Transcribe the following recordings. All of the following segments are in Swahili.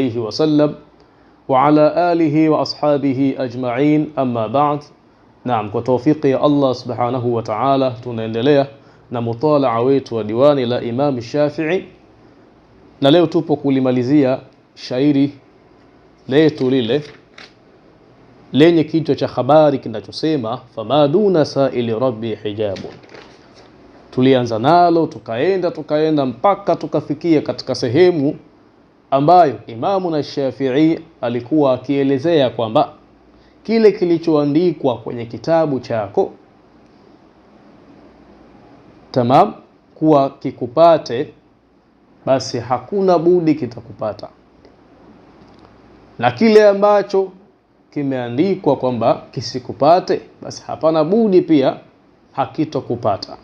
عليه وسلم وعلى آله وأصحابه أجمعين أما بعد نعم وتوفيق الله سبحانه وتعالى tunaendelea na mutalaa wetu wa diwani la Imam Shafi'i na leo tupo kulimalizia shairi letu lile lenye kichwa cha habari kinachosema fama duna saili rabbi hijabu tulianza nalo tukaenda tukaenda mpaka tukafikia katika sehemu ambayo Imamu na Shafii alikuwa akielezea kwamba kile kilichoandikwa kwenye kitabu chako tamam, kuwa kikupate, basi hakuna budi kitakupata, na kile ambacho kimeandikwa kwamba kisikupate, basi hapana budi pia hakitokupata.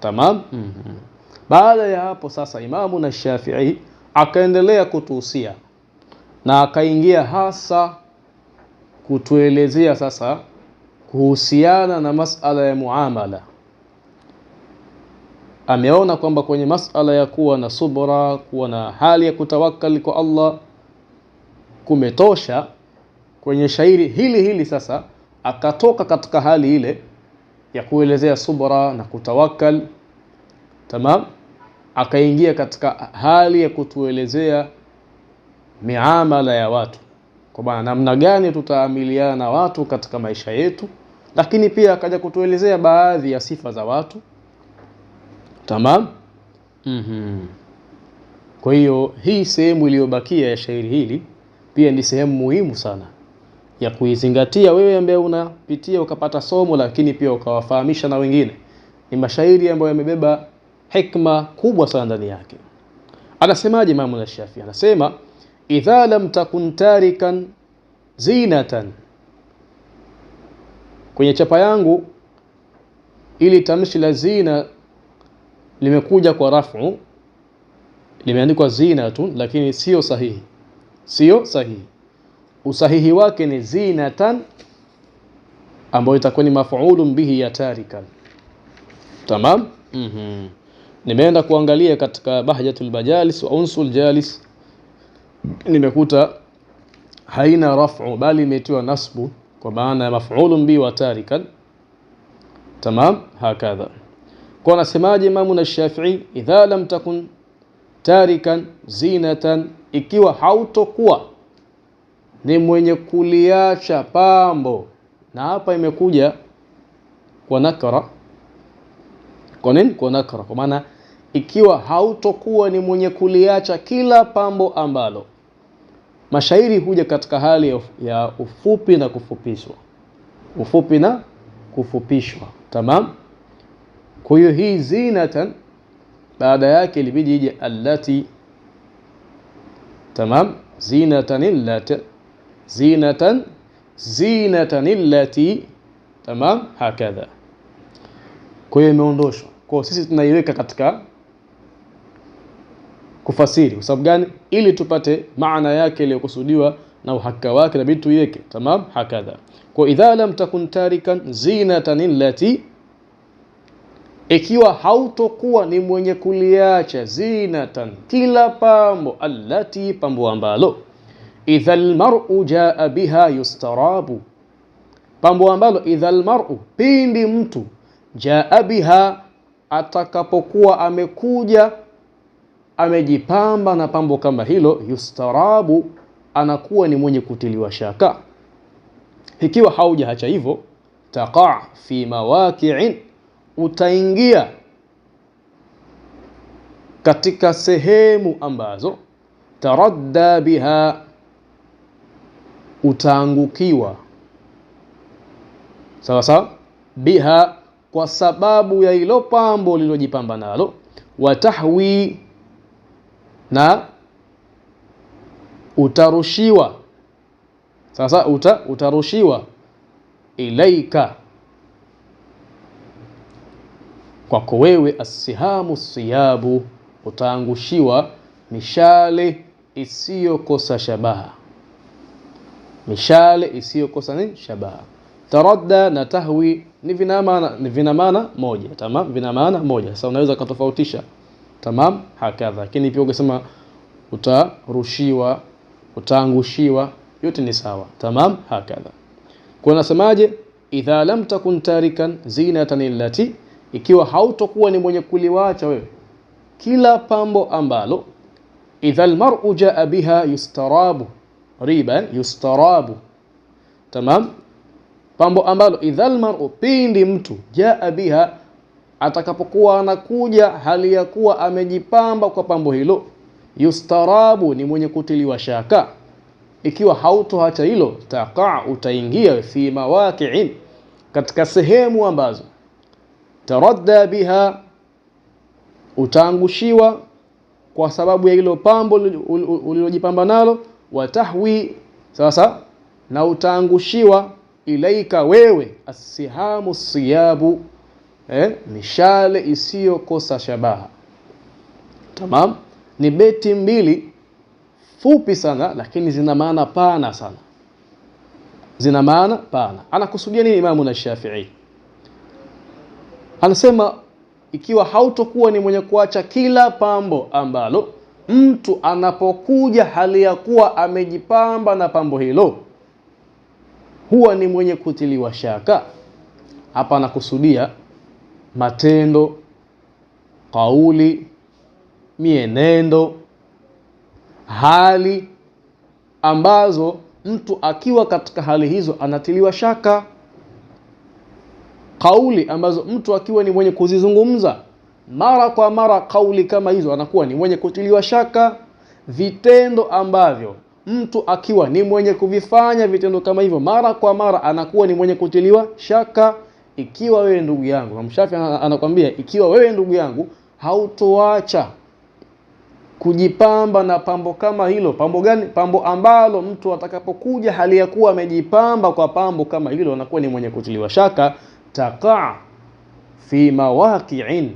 Tamam, mm -hmm. Baada ya hapo sasa Imamu na Shafii akaendelea kutuhusia na akaingia hasa kutuelezea sasa kuhusiana na masala ya muamala. Ameona kwamba kwenye masala ya kuwa na subra, kuwa na hali ya kutawakali kwa Allah kumetosha kwenye shairi hili hili. Sasa akatoka katika hali ile ya kuelezea subra na kutawakal, tamam akaingia katika hali ya kutuelezea miamala ya watu kwamba namna gani tutaamiliana na watu katika maisha yetu, lakini pia akaja kutuelezea baadhi ya sifa za watu. Tamam. mm -hmm. Kwa hiyo hii sehemu iliyobakia ya shairi hili pia ni sehemu muhimu sana ya kuizingatia wewe ambaye unapitia ukapata somo, lakini pia ukawafahamisha na wengine. Ni mashairi ambayo yamebeba hikma kubwa sana ndani yake. Anasemaje Imamu Shafi? Anasema idha lam takun tarikan zinatan. Kwenye chapa yangu ili tamshi la zina limekuja kwa rafu, limeandikwa zinatun, lakini sio sahihi, sio sahihi. Usahihi wake ni zinatan, ambayo itakuwa ni mafuulun bihi ya tarikan. Tamam, mm -hmm nimeenda kuangalia katika Bahjatul Majalis wa Unsul Jalis nimekuta haina raf'u bali imetiwa nasbu kwa maana ya maf'ulun bi wa tarikan. Tamam, hakadha kwa nasemaje Imamu na Shafi'i, idha lam takun tarikan zinatan, ikiwa hautokuwa ni mwenye kuliacha pambo. Na hapa imekuja kwa nakara Kwa nini? Kwa nakara kwa maana ikiwa hautokuwa ni mwenye kuliacha kila pambo ambalo. Mashairi huja katika hali ya ufupi na kufupishwa, ufupi na kufupishwa. Tamam. Kwa hiyo hii zinatan, baada yake ilibidi ije allati. Tamam, zinatan illati, zinatan zinatan illati. Tamam, hakadha. Kwa hiyo imeondoshwa, kwa sisi tunaiweka katika kufasiri. Kwa sababu gani? Ili tupate maana yake iliyokusudiwa na uhakika wake, nabidi yake tamam. Hakadha kwa idha lam takun tarikan zinatan lati, ikiwa hautokuwa ni mwenye kuliacha zinatan, kila pambo allati, pambo ambalo idha lmaru jaa biha yustarabu, pambo ambalo idha lmaru, pindi mtu jaa biha, atakapokuwa amekuja amejipamba na pambo kama hilo, yustarabu, anakuwa ni mwenye kutiliwa shaka. Ikiwa hacha hivyo, taqa fi mawaqi'in, utaingia katika sehemu ambazo taradda biha, utaangukiwa sawa sawa, biha, kwa sababu ya ilo pambo lilojipamba nalo, watahwi na utarushiwa sasa uta, utarushiwa ilaika kwako wewe asihamu siyabu, utaangushiwa mishale isiyokosa shabaha, mishale isiyokosa ni shabaha. Taradda na tahwi ni vina maana, ni vina maana moja. Tamam, vina maana moja. Sasa unaweza ukatofautisha tamam hakadha. Lakini pia ukisema utarushiwa, utaangushiwa, yote ni sawa tamam hakadha. Kwa nasemaje, idha lam takun tarikan zinatan illati, ikiwa hautokuwa ni mwenye kuliwacha wewe kila pambo ambalo idha almar'u jaa biha yustarabu riban yustarabu tamam, pambo ambalo idha almar'u, pindi mtu jaa biha atakapokuwa anakuja hali ya kuwa amejipamba kwa pambo hilo, yustarabu ni mwenye kutiliwa shaka. Ikiwa hautoacha hilo, taqa, utaingia fi mawaqi'in, katika sehemu ambazo taradda biha, utaangushiwa kwa sababu ya hilo pambo ulilojipamba nalo. Watahwi sasa, na utaangushiwa ilaika wewe, assihamu siyabu eh, mishale isiyokosa shabaha. Tamam, ni beti mbili fupi sana, lakini zina maana pana sana, zina maana pana. Anakusudia nini Imamu na Shafii? Anasema ikiwa hautokuwa ni mwenye kuacha kila pambo ambalo mtu anapokuja hali ya kuwa amejipamba na pambo hilo huwa ni mwenye kutiliwa shaka. Hapa anakusudia matendo, kauli, mienendo, hali ambazo mtu akiwa katika hali hizo anatiliwa shaka, kauli ambazo mtu akiwa ni mwenye kuzizungumza mara kwa mara, kauli kama hizo anakuwa ni mwenye kutiliwa shaka, vitendo ambavyo mtu akiwa ni mwenye kuvifanya vitendo kama hivyo mara kwa mara, anakuwa ni mwenye kutiliwa shaka ikiwa wewe ndugu yangu, Mshafi anakwambia ikiwa wewe ndugu yangu hautoacha kujipamba na pambo kama hilo. Pambo gani? Pambo ambalo mtu atakapokuja hali ya kuwa amejipamba kwa pambo kama hilo anakuwa ni mwenye kutiliwa shaka. Taqa fi mawaqi'in,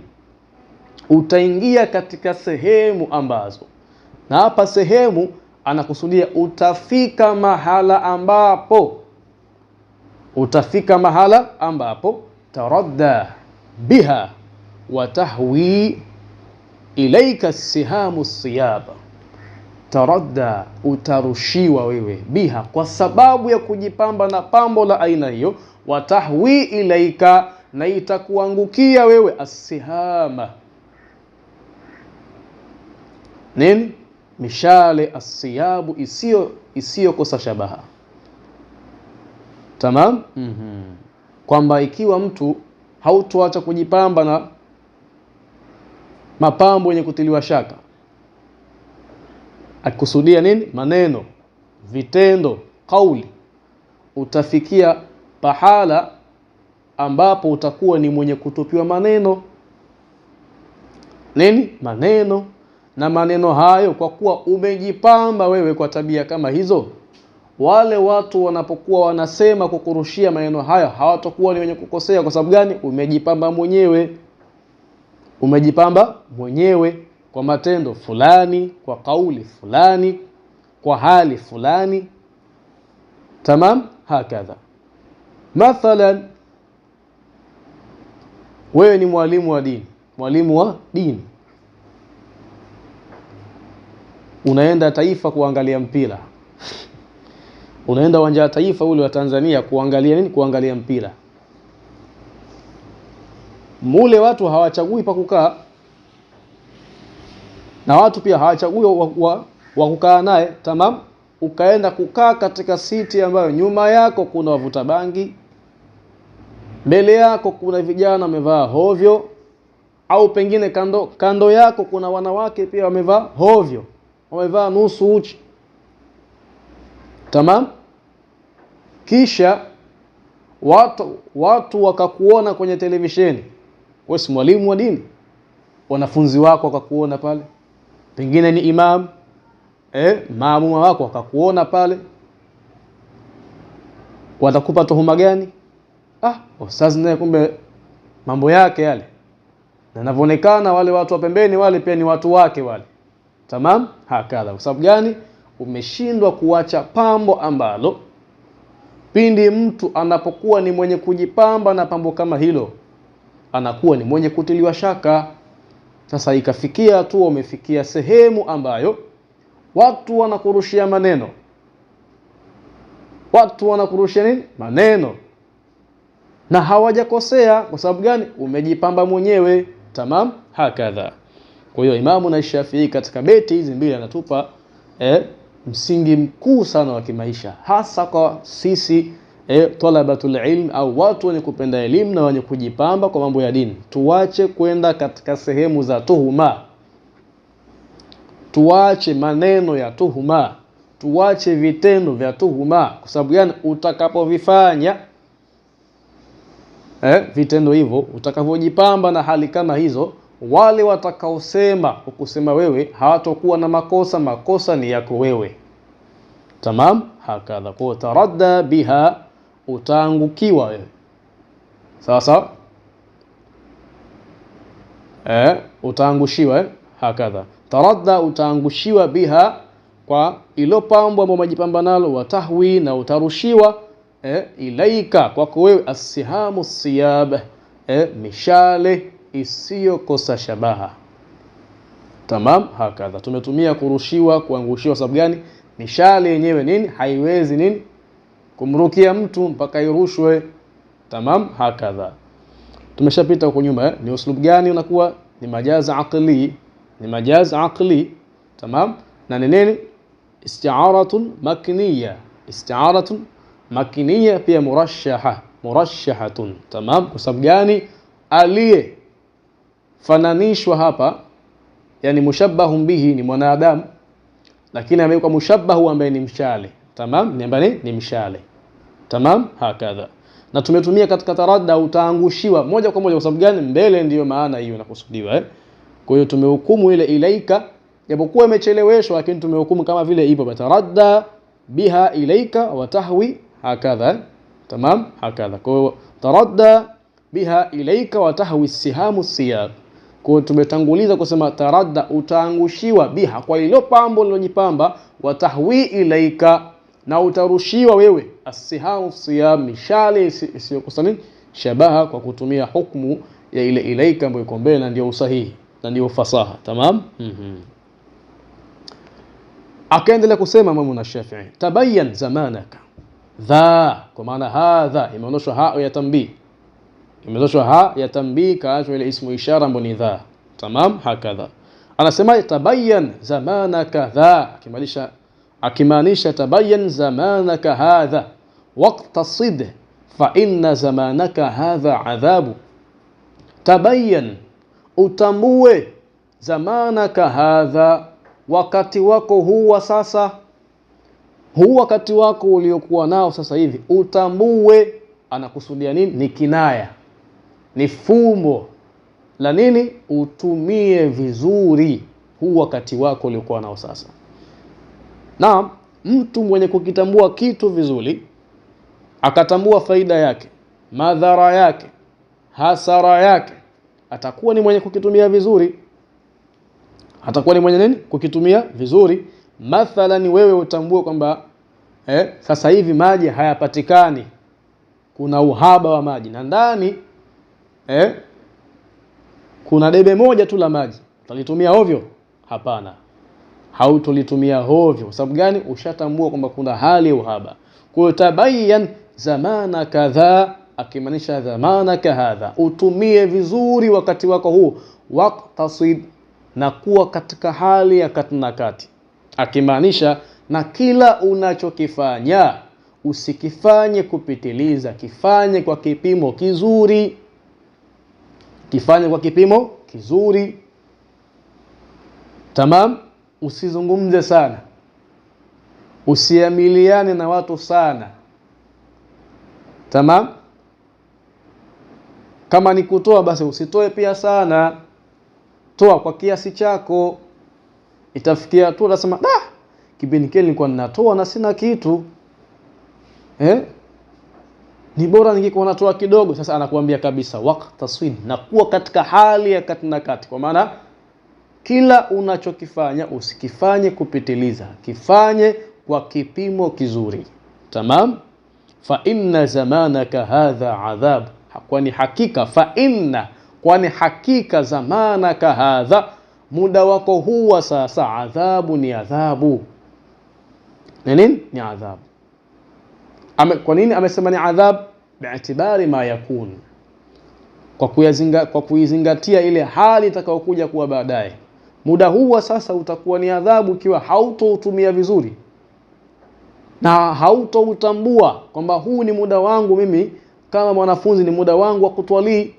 utaingia katika sehemu ambazo, na hapa sehemu anakusudia utafika mahala ambapo utafika mahala ambapo taradda biha watahwi ilaika sihamu siyaba, taradda utarushiwa wewe biha, kwa sababu ya kujipamba na pambo la aina hiyo, watahwi ilaika, na itakuangukia wewe assihama nini, mishale asiyabu isiyo isiyokosa shabaha Tamam? mm -hmm. Kwamba ikiwa mtu hautoacha kujipamba na mapambo yenye kutiliwa shaka, akikusudia nini? Maneno, vitendo, kauli, utafikia pahala ambapo utakuwa ni mwenye kutupiwa maneno nini, maneno na maneno hayo, kwa kuwa umejipamba wewe kwa tabia kama hizo wale watu wanapokuwa wanasema kukurushia maneno hayo hawatakuwa ni wenye kukosea. Kwa sababu gani? Umejipamba mwenyewe, umejipamba mwenyewe kwa matendo fulani, kwa kauli fulani, kwa hali fulani. Tamam, hakadha. Mathalan, wewe ni mwalimu wa dini, mwalimu wa dini unaenda taifa kuangalia mpira unaenda uwanja wa taifa ule wa Tanzania kuangalia nini? Kuangalia mpira. Mule watu hawachagui pa kukaa, na watu pia hawachagui wa, wa, wa kukaa naye. Tamam, ukaenda kukaa katika siti ambayo nyuma yako kuna wavuta bangi, mbele yako kuna vijana wamevaa hovyo, au pengine kando kando yako kuna wanawake pia wamevaa hovyo, wamevaa nusu uchi. Tamam kisha watu, watu wakakuona kwenye televisheni, wewe si mwalimu wa dini, wanafunzi wako wakakuona pale, pengine ni imam eh, maamuma wako wakakuona pale, watakupa tuhuma gani? Ah, ustazi naye kumbe mambo yake yale, na navyoonekana wale watu wa pembeni wale pia ni watu wake wale. Tamam, hakadha. Kwa sababu gani? Umeshindwa kuacha pambo ambalo Pindi mtu anapokuwa ni mwenye kujipamba na pambo kama hilo, anakuwa ni mwenye kutiliwa shaka. Sasa ikafikia hatua umefikia sehemu ambayo watu wanakurushia maneno, watu wanakurushia nini? Maneno, na hawajakosea. Kwa sababu gani? Umejipamba mwenyewe. Tamam, hakadha. Kwa hiyo Imamu na Shafii katika beti hizi mbili anatupa eh, msingi mkuu sana wa kimaisha, hasa kwa sisi e, talabatul ilm au watu wenye kupenda elimu na wenye kujipamba kwa mambo ya dini. Tuache kwenda katika sehemu za tuhuma, tuache maneno ya tuhuma, tuache vitendo vya tuhuma, kwa sababu yani utakapovifanya eh, vitendo hivyo, utakavyojipamba na hali kama hizo wale watakaosema ukusema wewe hawatokuwa na makosa, makosa ni yako wewe. Tamam, hakadha kwa taradda biha, utaangukiwa wewe. sasa eh, utaangushiwa eh? Hakadha taradda, utaangushiwa biha, kwa ilo pambo ambao umejipamba nalo, watahwi, na utarushiwa eh, ilaika, kwako wewe, assihamu siyab, eh, mishale isiyokosa shabaha. Tamam, hakadha tumetumia kurushiwa, kuangushiwa. Sababu gani? Mishale yenyewe nini, haiwezi nini kumrukia mtu mpaka irushwe. Tamam, hakadha tumeshapita huko nyuma. Eh? Ni uslub gani unakuwa ni majaz aqli, ni majazi aqli. Tamam, na ni nini isti'aratun makniya, isti'aratun makniya pia murashaha, murashahatun. Tamam, kwa sababu gani aliye fananishwa hapa, yani mushabahu bihi ni mwanadamu, lakini amewekwa mushabahu ambaye ni mshale. Tamam, ni ambaye ni mshale. Tamam, hakadha na tumetumia katika tarada, utaangushiwa moja kwa moja. Kwa sababu gani? Mbele ndiyo maana hiyo inakusudiwa eh. Kwa hiyo tumehukumu ile ilaika, japokuwa imecheleweshwa, lakini tumehukumu kama vile ipo bataradda biha ilaika wa tahwi hakadha eh? Tamam, hakadha. Kwa hiyo tarada biha ilaika wa tahwi sihamu siyab kwa hiyo tumetanguliza kusema taradda, utaangushiwa biha, kwa hilo pambo lilojipamba, watahwi ilaika, na utarushiwa wewe asihamu siyam, mishale isiyokosa nini shabaha, kwa kutumia hukmu ya ile ilaika ambayo iko mbele, na ndio usahihi na ndio fasaha. Tamam. mm -hmm. Akaendelea kusema Imamu na Shafii, tabayan zamanaka dha, kwa maana hadha imeonyeshwa hao ya tambii imezoshwa ha ya tambii kaachwa ile ismu ishara ambayo ni dha. Tamam, hakadha anasema tabayan zamana kadha, akimaanisha akimaanisha tabayyan zamanaka hadha waqtasid fa inna zamanaka hadha adhabu. tabayan utambue zamanaka hadha, wakati wako huwa sasa, huu wakati wako uliokuwa nao sasa hivi, utambue. Anakusudia nini? Ni kinaya ni fumbo la nini, utumie vizuri huu wakati wako uliokuwa nao sasa. Na mtu mwenye kukitambua kitu vizuri, akatambua faida yake, madhara yake, hasara yake, atakuwa ni mwenye kukitumia vizuri, atakuwa ni mwenye nini, kukitumia vizuri. Mathalan, wewe utambue kwamba eh, sasa hivi maji hayapatikani, kuna uhaba wa maji na ndani eh? Kuna debe moja tu la maji utalitumia ovyo? Hapana, hautolitumia ovyo. Kwa sababu gani? Ushatambua kwamba kuna hali ya uhaba. Kwa hiyo tabayan zamana kadha akimaanisha zamana hadha, utumie vizuri wakati wako huu, waktasid, na kuwa katika hali ya kati na kati, akimaanisha na kila unachokifanya usikifanye kupitiliza, kifanye kwa kipimo kizuri kifanye kwa kipimo kizuri. Tamam, usizungumze sana, usiamiliane na watu sana. Tamam, kama ni kutoa basi usitoe pia sana, toa kwa kiasi chako. Itafikia tu utasema, ah, kipindi kile nilikuwa ninatoa na sina kitu eh? ni bora ningekuwa natoa kidogo. Sasa anakuambia kabisa waqtasid, na kuwa katika hali ya kati na kati, kwa maana kila unachokifanya usikifanye kupitiliza, kifanye kwa kipimo kizuri. Tamam, fa inna zamanaka hadha adhab, kwani hakika fa inna, kwani hakika zamanaka hadha, muda wako huwa sasa, adhabu ni adhabu. Nini ni adhabu? Kwa nini amesema ni adhabu? bi'tibari ma yakun, kwa kuyazinga, kwa kuizingatia ile hali itakayokuja kuwa baadaye. Muda huu wa sasa utakuwa ni adhabu ikiwa hautoutumia vizuri na hautoutambua kwamba huu ni muda wangu mimi kama mwanafunzi, ni muda wangu wa kutwalii,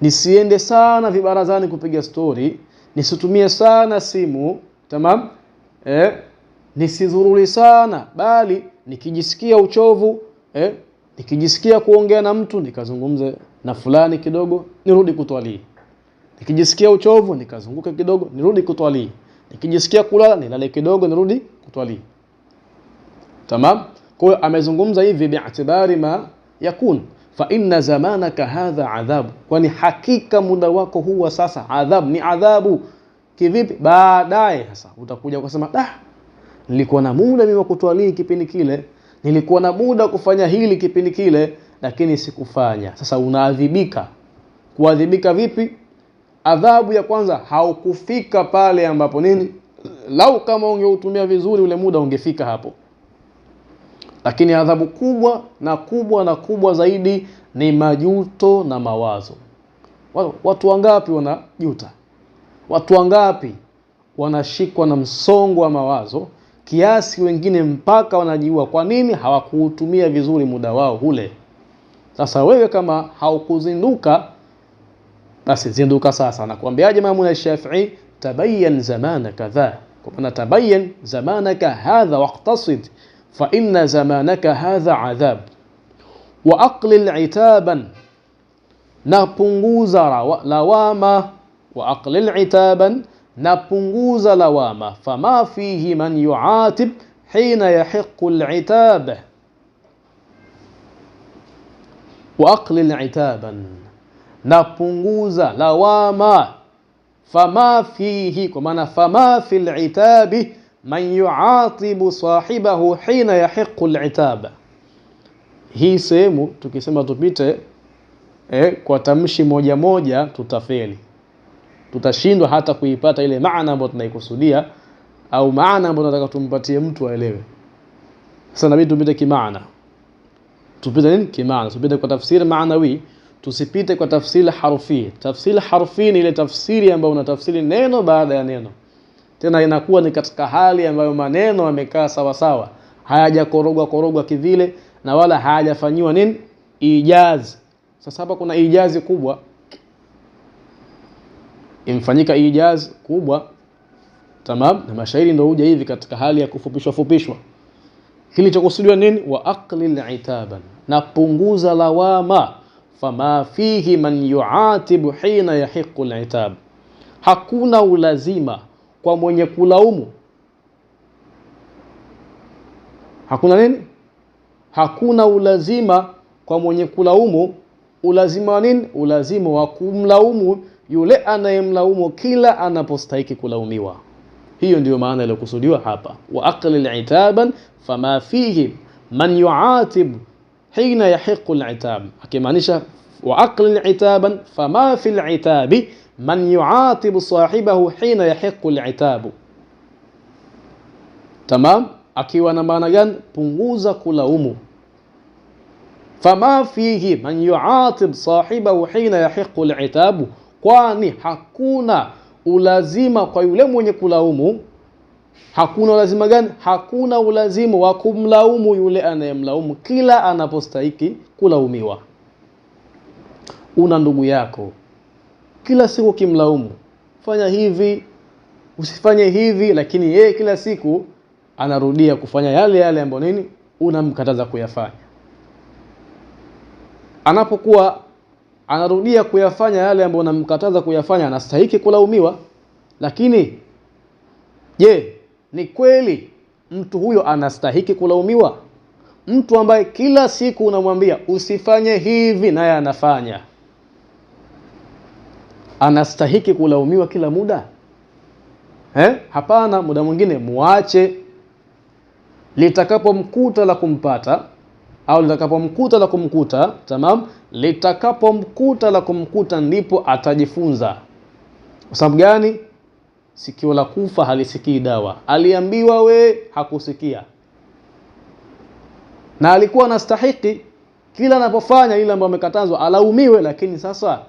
nisiende sana vibarazani kupiga stori, nisitumie sana simu tamam, eh, nisidhururi sana, bali nikijisikia uchovu eh, nikijisikia kuongea na mtu nikazungumze na fulani kidogo, nirudi kutwalii. Nikijisikia uchovu nikazunguke kidogo, nirudi kutwalii. Nikijisikia kulala nilale kidogo, nirudi kutwalii. Tamam. Kwa hiyo amezungumza hivi bi'tibari ma yakun fa inna zamanaka hadha adhabu, kwani hakika muda wako huwa sasa adhabu, ni adhabu. Kivipi? Baadaye sasa utakuja kusema ah, nilikuwa na muda mimi wa kutwalii kipindi kile nilikuwa na muda kufanya hili kipindi kile lakini sikufanya sasa unaadhibika kuadhibika vipi adhabu ya kwanza haukufika pale ambapo nini lau kama ungeutumia vizuri ule muda ungefika hapo lakini adhabu kubwa na kubwa na kubwa zaidi ni majuto na mawazo watu wangapi wanajuta watu wangapi wanashikwa na msongo wa mawazo kiasi wengine mpaka wanajiua. Kwa nini? Hawakuutumia vizuri muda wao ule. Sasa wewe kama haukuzinduka, basi zinduka sasa. Nakwambiaje Imamu Shafii? tabayan zamanaka dha kwa maana tabayan zamanaka hadha waqtasid fa inna zamanaka hadha adhab wa aqlil itaban, na lawama. Wa aqlil itaban napunguza lawama, fama fihi man yuatib hina yahiqu litab wa aqlil itaban, napunguza lawama. Fama fihi, kwa maana fama fi litabi man yuatibu sahibahu hina yahiqu litab. Hii sehemu tukisema tupite eh, kwa tamshi moja moja tutafeli tutashindwa hata kuipata ile maana ambayo tunaikusudia au maana ambayo tunataka tumpatie mtu aelewe. Sasa inabidi tupite kimaana, tupite nini kimaana, tupite kwa tafsiri maanawi, tusipite kwa tafsiri harfi. Tafsiri harfi ni ile tafsiri ambayo unatafsiri neno baada ya neno, tena inakuwa ni katika hali ambayo maneno yamekaa sawa sawa, hayajakorogwa korogwa kivile na wala hayajafanyiwa nini ijazi. Sasa hapa kuna ijazi kubwa hii jazz kubwa tamam, na mashairi ndio huja hivi katika hali ya kufupishwa fupishwa. Kilichokusudiwa nini? wa aqlil itaban, na punguza lawama. Fama fihi man yuatibu hina yahiqu litab, hakuna ulazima kwa mwenye kulaumu. Hakuna nini? Hakuna ulazima kwa mwenye kulaumu. Ulazima wa nini? Ulazima wa kumlaumu yule anayemlaumu kila anapostahiki kulaumiwa. Hiyo ndiyo maana iliyokusudiwa hapa, wa aqlil itaban fama fihi man yuatib hina yahiqu litab, akimaanisha wa aqlil itaban fama fi litabi man yuatibu sahibahu hina yahiqu litabu. Tamam, akiwa na maana gani? Punguza kulaumu fama fihi man yuatib sahibahu hina yahiqu litabu kwani hakuna ulazima kwa yule mwenye kulaumu. Hakuna ulazima gani? Hakuna ulazima wa kumlaumu yule anayemlaumu kila anapostahiki kulaumiwa. Una ndugu yako, kila siku ukimlaumu, fanya hivi, usifanye hivi, lakini yeye kila siku anarudia kufanya yale yale ambayo nini unamkataza kuyafanya anapokuwa anarudia kuyafanya yale ambayo namkataza kuyafanya, anastahiki kulaumiwa. Lakini je, ni kweli mtu huyo anastahiki kulaumiwa? Mtu ambaye kila siku unamwambia usifanye hivi naye anafanya, anastahiki kulaumiwa kila muda eh? Hapana, muda mwingine muache litakapomkuta la kumpata au litakapomkuta la kumkuta. Tamam litakapomkuta la kumkuta ndipo atajifunza. Kwa sababu gani? Sikio la kufa halisikii dawa. Aliambiwa we hakusikia, na alikuwa anastahiki kila anapofanya ile ambayo amekatazwa alaumiwe, lakini sasa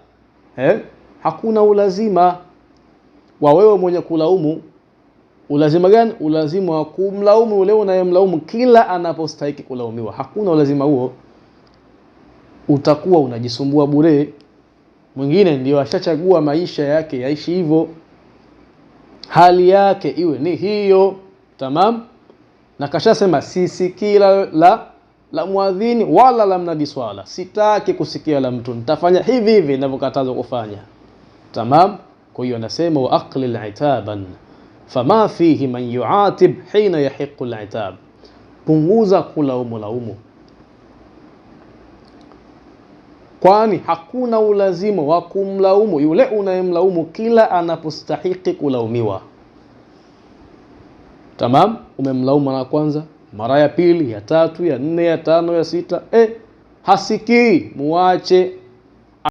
eh, hakuna ulazima wa wewe mwenye kulaumu. Ulazima gani? Ulazima wa kumlaumu ule unayemlaumu kila anapostahiki kulaumiwa. Hakuna ulazima huo utakuwa unajisumbua bure. Mwingine ndio ashachagua maisha yake yaishi hivyo, hali yake iwe ni hiyo tamam, na kashasema sisikii la, la, la mwadhini wala la mnadi swala, sitaki kusikia la mtu, nitafanya hivi hivi ninavyokatazwa kufanya tamam. Kwa hiyo anasema wa aqlil itaban fama fihi man yuatib hina yahiqu litab, punguza kulaumu laumu kwani hakuna ulazima wa kumlaumu yule unayemlaumu kila anapostahiki kulaumiwa. Tamam, umemlaumu mara ya kwanza, mara ya pili, ya tatu, ya nne, ya tano, ya sita, eh, hasikii, muache.